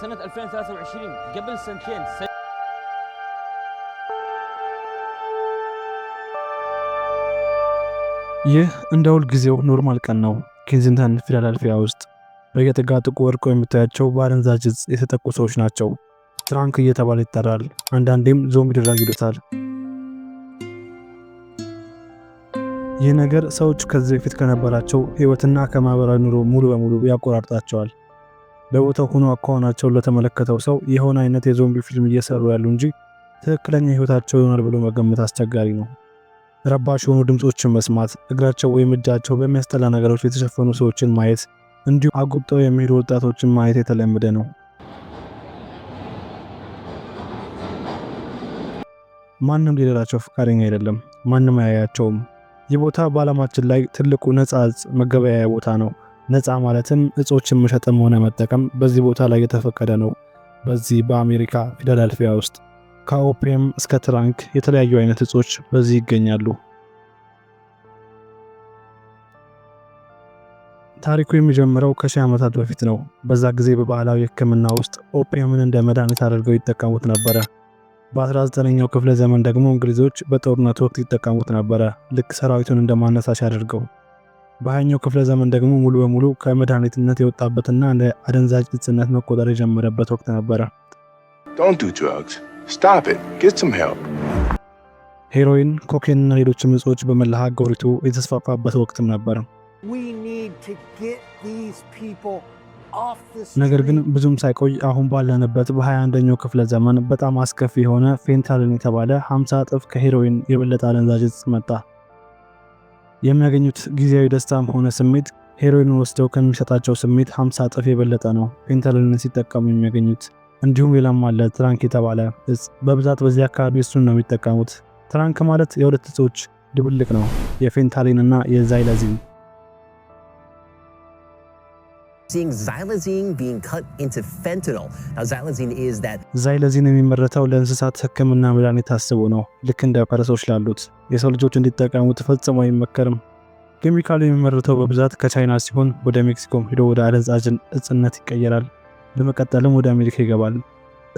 سنة 2023 قبل سنتين سن... ይህ እንደ ሁል ጊዜው ኖርማል ቀን ነው። ኬንዚንግተን ፊላደልፊያ ውስጥ በየጥጋጥቁ ወድቆ የምታያቸው በአደንዛዥ ዕፅ የተጠቁ ሰዎች ናቸው። ትራንክ እየተባለ ይጠራል። አንዳንዴም ዞምቢ ድራግ ይሉታል። ይህ ነገር ሰዎች ከዚህ በፊት ከነበራቸው ህይወትና ከማህበራዊ ኑሮ ሙሉ በሙሉ ያቆራርጣቸዋል። በቦታው ሆኖ አኳኋናቸውን ለተመለከተው ሰው የሆነ አይነት የዞምቢ ፊልም እየሰሩ ያሉ እንጂ ትክክለኛ ህይወታቸው ይሆናል ብሎ መገመት አስቸጋሪ ነው። ረባሽ የሆኑ ድምፆችን መስማት፣ እግራቸው ወይም እጃቸው በሚያስጠላ ነገሮች የተሸፈኑ ሰዎችን ማየት፣ እንዲሁም አጉብጠው የሚሄዱ ወጣቶችን ማየት የተለመደ ነው። ማንም ሊደራቸው ፈቃደኛ አይደለም። ማንም አያያቸውም። ይህ ቦታ በዓለማችን ላይ ትልቁ ነጻ መገበያያ ቦታ ነው። ነፃ ማለትም እጾችን መሸጥም ሆነ መጠቀም በዚህ ቦታ ላይ የተፈቀደ ነው። በዚህ በአሜሪካ ፊላደልፊያ ውስጥ ከኦፒየም እስከ ትራንክ የተለያዩ አይነት እጾች በዚህ ይገኛሉ። ታሪኩ የሚጀምረው ከሺህ ዓመታት በፊት ነው። በዛ ጊዜ በባህላዊ ሕክምና ውስጥ ኦፒየምን እንደ መድኃኒት አድርገው ይጠቀሙት ነበረ። በ19ኛው ክፍለ ዘመን ደግሞ እንግሊዞች በጦርነቱ ወቅት ይጠቀሙት ነበረ፣ ልክ ሰራዊቱን እንደማነሳሽ አድርገው በሃያኛው ክፍለ ዘመን ደግሞ ሙሉ በሙሉ ከመድኃኒትነት የወጣበትና እንደ አደንዛዥ እጽነት መቆጠር የጀመረበት ወቅት ነበረ። ሄሮይን፣ ኮኬን እና ሌሎችም እጾች በመላ አገሪቱ የተስፋፋበት ወቅትም ነበረ። ነገር ግን ብዙም ሳይቆይ አሁን ባለንበት በ21ኛው ክፍለ ዘመን በጣም አስከፊ የሆነ ፌንታልን የተባለ 50 እጥፍ ከሄሮይን የበለጠ አደንዛዥ እጽ መጣ። የሚያገኙት ጊዜያዊ ደስታም ሆነ ስሜት ሄሮይን ወስደው ከሚሰጣቸው ስሜት 50 እጥፍ የበለጠ ነው ፌንታሊንን ሲጠቀሙ የሚያገኙት። እንዲሁም ሌላም አለ ትራንክ የተባለ እጽ፣ በብዛት በዚህ አካባቢ እሱን ነው የሚጠቀሙት። ትራንክ ማለት የሁለት እጾች ድብልቅ ነው፣ የፌንታሊን እና የዛይለዚን seeing xylazine being cut into fentanyl. Now, xylazine is that xylazine የሚመረተው ለእንስሳት ሕክምና መድኃኒት ታስቦ ነው። ልክ እንደ ፈረሶች ላሉት የሰው ልጆች እንዲጠቀሙት ፈጽሞ አይመከርም። ኬሚካሉ የሚመረተው በብዛት ከቻይና ሲሆን ወደ ሜክሲኮም ሄዶ ወደ አደንዛዥ እጽነት ይቀየራል። በመቀጠልም ወደ አሜሪካ ይገባል።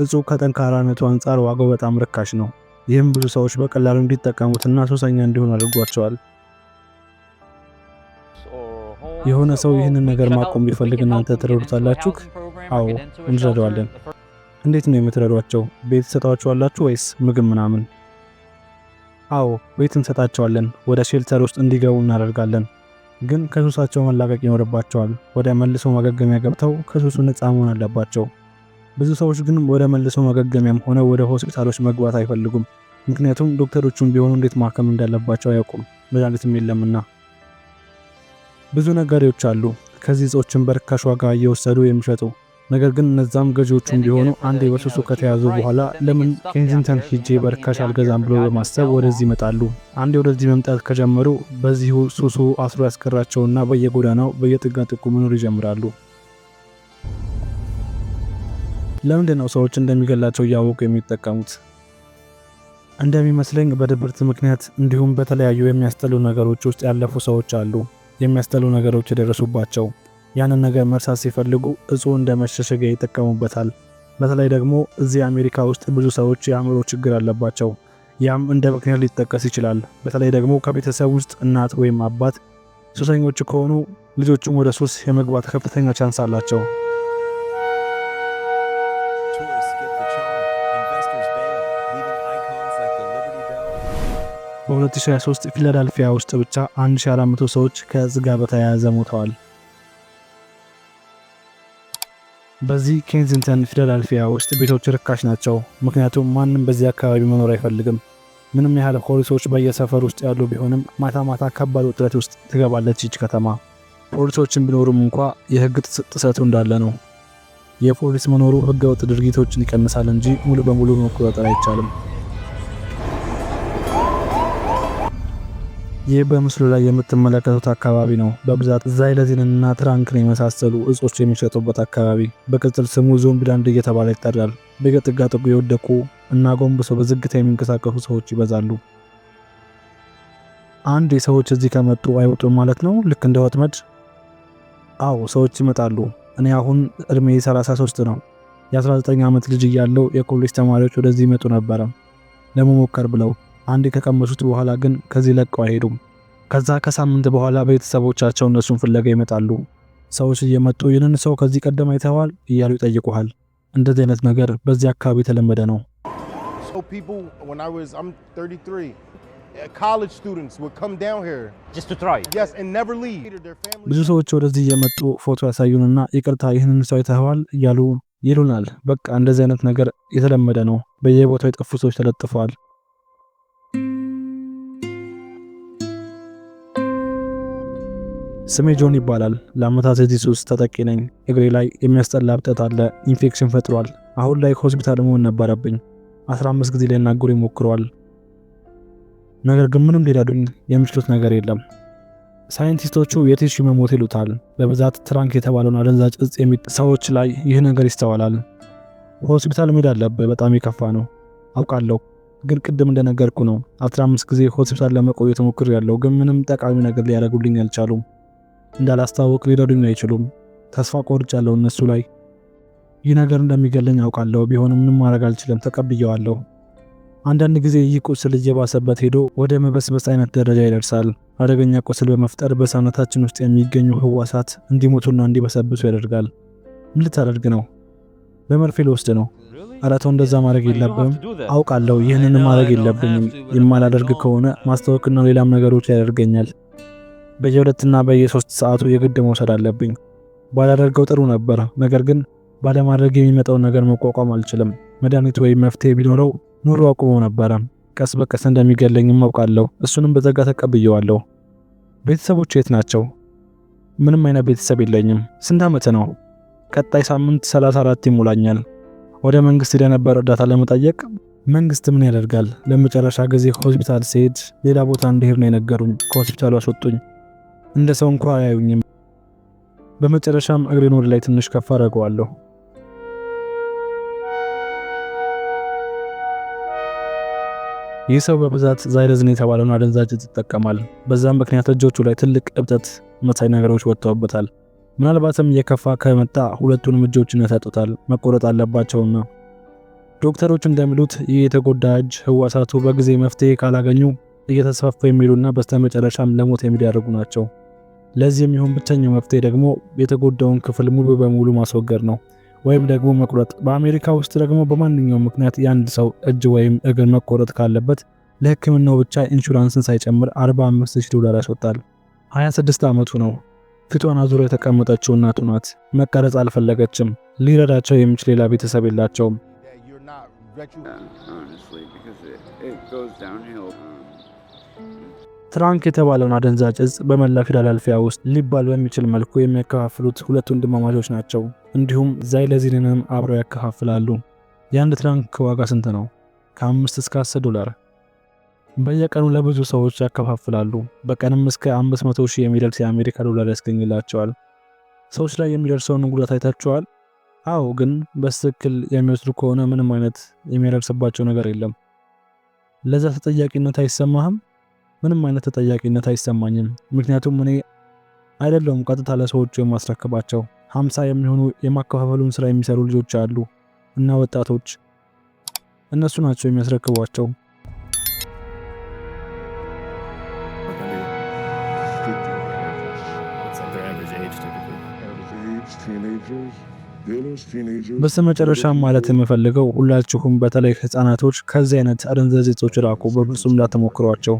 እጹ ከጠንካራነቱ አንጻር ዋጋው በጣም ርካሽ ነው። ይህም ብዙ ሰዎች በቀላሉ እንዲጠቀሙትና ሱሰኛ እንዲሆኑ አድርጓቸዋል። የሆነ ሰው ይህንን ነገር ማቆም ቢፈልግ እናንተ ትረዱታላችሁ? አዎ እንረዳዋለን። እንዴት ነው የምትረዷቸው? ቤት ትሰጣችኋላችሁ ወይስ ምግብ ምናምን? አዎ ቤት እንሰጣቸዋለን። ወደ ሼልተር ውስጥ እንዲገቡ እናደርጋለን። ግን ከሱሳቸው መላቀቅ ይኖርባቸዋል። ወደ መልሶ ማገገሚያ ገብተው ከሱሱ ነፃ መሆን አለባቸው። ብዙ ሰዎች ግን ወደ መልሶ ማገገሚያም ሆነ ወደ ሆስፒታሎች መግባት አይፈልጉም። ምክንያቱም ዶክተሮቹም ቢሆኑ እንዴት ማከም እንዳለባቸው አያውቁም፣ መድኃኒትም የለምና። ብዙ ነጋዴዎች አሉ ከዚህ እጾችን በርካሽ ዋጋ እየወሰዱ የሚሸጡ ነገር ግን እነዛም ገዢዎቹም ቢሆኑ አንዴ በሱሱ ከተያዙ በኋላ ለምን ኬንዚንግተን ሂጄ በርካሽ አልገዛም ብሎ በማሰብ ወደዚህ ይመጣሉ። አንዴ ወደዚህ መምጣት ከጀመሩ በዚሁ ሱሱ አስሮ ያስቀራቸውና በየጎዳናው በየጥጋጥቁ መኖር ይጀምራሉ። ለምንድን ነው ሰዎች እንደሚገላቸው እያወቁ የሚጠቀሙት? እንደሚመስለኝ በድብርት ምክንያት እንዲሁም በተለያዩ የሚያስጠሉ ነገሮች ውስጥ ያለፉ ሰዎች አሉ። የሚያስጠሉ ነገሮች የደረሱባቸው ያንን ነገር መርሳት ሲፈልጉ እጹ እንደ መሸሸጊያ ይጠቀሙበታል። በተለይ ደግሞ እዚህ አሜሪካ ውስጥ ብዙ ሰዎች የአእምሮ ችግር አለባቸው። ያም እንደ ምክንያት ሊጠቀስ ይችላል። በተለይ ደግሞ ከቤተሰብ ውስጥ እናት ወይም አባት ሱሰኞች ከሆኑ ልጆቹም ወደ ሱስ የመግባት ከፍተኛ ቻንስ አላቸው። በ2023 ፊላዳልፊያ ውስጥ ብቻ 1400 ሰዎች ከዝጋ በተያያዘ ሞተዋል። በዚህ ኬንዚንግተን ፊላዳልፊያ ውስጥ ቤቶች ርካሽ ናቸው፣ ምክንያቱም ማንም በዚህ አካባቢ መኖር አይፈልግም። ምንም ያህል ፖሊሶች በየሰፈር ውስጥ ያሉ ቢሆንም ማታ ማታ ከባድ ውጥረት ውስጥ ትገባለች ይች ከተማ። ፖሊሶችን ቢኖሩም እንኳ የህግ ጥሰቱ እንዳለ ነው። የፖሊስ መኖሩ ህገወጥ ድርጊቶችን ይቀንሳል እንጂ ሙሉ በሙሉ መቆጣጠር አይቻልም። ይህ በምስሉ ላይ የምትመለከቱት አካባቢ ነው። በብዛት ዛይለዚንና ትራንክን የመሳሰሉ እጾች የሚሸጡበት አካባቢ በቅጽል ስሙ ዞምቢላንድ እየተባለ ይጠራል። በገጥጋጥጉ የወደቁ እና ጎንብሰው በዝግታ የሚንቀሳቀሱ ሰዎች ይበዛሉ። አንድ የሰዎች እዚህ ከመጡ አይወጡም ማለት ነው። ልክ እንደ ወጥመድ። አዎ ሰዎች ይመጣሉ። እኔ አሁን እድሜ 33 ነው። የ19 ዓመት ልጅ እያለው የኮሌጅ ተማሪዎች ወደዚህ ይመጡ ነበረ ለመሞከር ብለው አንድ ከቀመሱት በኋላ ግን ከዚህ ለቀው አይሄዱም። ከዛ ከሳምንት በኋላ ቤተሰቦቻቸው እነሱን ፍለጋ ይመጣሉ። ሰዎች እየመጡ ይህንን ሰው ከዚህ ቀደም አይተዋል እያሉ ይጠይቁሃል። እንደዚህ አይነት ነገር በዚህ አካባቢ የተለመደ ነው። ብዙ ሰዎች ወደዚህ እየመጡ ፎቶ ያሳዩንና ይቅርታ ይህንን ሰው አይተዋል እያሉ ይሉናል። በቃ እንደዚህ አይነት ነገር የተለመደ ነው። በየቦታው የጠፉ ሰዎች ተለጥፈዋል። ስሜ ጆን ይባላል። ለአመታት የዚህ ሱስ ተጠቂ ነኝ። እግሬ ላይ የሚያስጠላ እብጠት አለ። ኢንፌክሽን ፈጥሯል። አሁን ላይ ከሆስፒታል መሆን ነበረብኝ። 15 ጊዜ ሊያናግሩ ይሞክረዋል፣ ነገር ግን ምንም ሊረዱኝ የሚችሉት ነገር የለም። ሳይንቲስቶቹ የቲሹ መሞት ይሉታል። በብዛት ትራንክ የተባለውን አደንዛዥ እጽ የሚ ሰዎች ላይ ይህ ነገር ይስተዋላል። ሆስፒታል መሄድ አለብህ። በጣም የከፋ ነው አውቃለሁ፣ ግን ቅድም እንደነገርኩ ነው 15 ጊዜ ሆስፒታል ለመቆየት ሞክሬያለሁ፣ ግን ምንም ጠቃሚ ነገር ሊያደርጉልኝ አልቻሉም። እንዳላስታወቅ ሊረዱኝ አይችሉም። ተስፋ ቆርጫለሁ እነሱ ላይ። ይህ ነገር እንደሚገለኝ አውቃለሁ። ቢሆንም ምንም ማድረግ አልችልም። ተቀብየዋለሁ። አንዳንድ ጊዜ ይህ ቁስል እየባሰበት ሄዶ ወደ መበስበስ አይነት ደረጃ ይደርሳል። አደገኛ ቁስል በመፍጠር በሰውነታችን ውስጥ የሚገኙ ህዋሳት እንዲሞቱና እንዲበሰብሱ ያደርጋል። ምን ልታደርግ ነው? በመርፌ ልወስድ ነው። አላተው እንደዛ ማድረግ የለብም አውቃለሁ። ይህንን ማድረግ የለብኝም። የማላደርግ ከሆነ ማስታወክና ሌላም ነገሮች ያደርገኛል። በየሁለትና በየሶስት ሰዓቱ የግድ መውሰድ አለብኝ። ባላደርገው ጥሩ ነበር፣ ነገር ግን ባለማድረግ የሚመጣውን ነገር መቋቋም አልችልም። መድኃኒት ወይም መፍትሄ ቢኖረው ኑሮ አቁሞ ነበረ። ቀስ በቀስ እንደሚገለኝም አውቃለሁ። እሱንም በጸጋ ተቀብየዋለሁ። ቤተሰቦች የት ናቸው? ምንም አይነት ቤተሰብ የለኝም። ስንት ዓመት ነው? ቀጣይ ሳምንት 34 ይሞላኛል። ወደ መንግስት ሄደ ነበር እርዳታ ለመጠየቅ። መንግስት ምን ያደርጋል? ለመጨረሻ ጊዜ ሆስፒታል ሲሄድ ሌላ ቦታ እንድሄድ ነው የነገሩኝ። ከሆስፒታሉ አስወጡኝ። እንደ ሰው እንኳ አያዩኝም። በመጨረሻም እግሬን ወደ ላይ ትንሽ ከፍ አደርገዋለሁ። ይህ ሰው በብዛት ዛይለዝን የተባለውን አደንዛዥ እጽ ይጠቀማል። በዛም ምክንያት እጆቹ ላይ ትልቅ እብጠት መሳይ ነገሮች ወጥተውበታል። ምናልባትም የከፋ ከመጣ ሁለቱንም እጆችን ያሳጡታል። መቆረጥ አለባቸውና ዶክተሮች እንደሚሉት ይህ የተጎዳ እጅ ህዋሳቱ በጊዜ መፍትሄ ካላገኙ እየተስፋፉ የሚሉና በስተመጨረሻም ለሞት የሚዳርጉ ናቸው። ለዚህ የሚሆን ብቸኛው መፍትሄ ደግሞ የተጎዳውን ክፍል ሙሉ በሙሉ ማስወገድ ነው ወይም ደግሞ መቁረጥ። በአሜሪካ ውስጥ ደግሞ በማንኛውም ምክንያት የአንድ ሰው እጅ ወይም እግር መቆረጥ ካለበት ለህክምናው ብቻ ኢንሹራንስን ሳይጨምር 45000 ዶላር ያስወጣል። 26 ዓመቱ ነው። ፊቷን አዙሮ የተቀመጠችው እናቱ ናት። መቀረጽ አልፈለገችም። ሊረዳቸው የሚችል ሌላ ቤተሰብ የላቸውም። ትራንክ የተባለውን አደንዛዥ እጽ በመላ ፊላደልፊያ ውስጥ ሊባል በሚችል መልኩ የሚያከፋፍሉት ሁለት ወንድማማቾች ናቸው። እንዲሁም ዛይለዚንንም አብረው ያከፋፍላሉ። የአንድ ትራንክ ዋጋ ስንት ነው? ከአምስት እስከ አስር ዶላር በየቀኑ ለብዙ ሰዎች ያከፋፍላሉ። በቀንም እስከ 500 ሺህ የሚደርስ የአሜሪካ ዶላር ያስገኝላቸዋል። ሰዎች ላይ የሚደርሰውን ጉዳት አይታችኋል? አዎ፣ ግን በትክክል የሚወስዱ ከሆነ ምንም አይነት የሚያደርስባቸው ነገር የለም። ለዛ ተጠያቂነት አይሰማህም? ምንም አይነት ተጠያቂነት አይሰማኝም። ምክንያቱም እኔ አይደለውም ቀጥታ ለሰዎቹ የማስረክባቸው። ሀምሳ የሚሆኑ የማከፋፈሉን ስራ የሚሰሩ ልጆች አሉ እና ወጣቶች እነሱ ናቸው የሚያስረክቧቸው። በስተመጨረሻ ማለት የምፈልገው ሁላችሁም በተለይ ህጻናቶች ከዚህ አይነት አደንዛዥ እጾች ራቁ፣ በፍጹም እንዳትሞክሯቸው።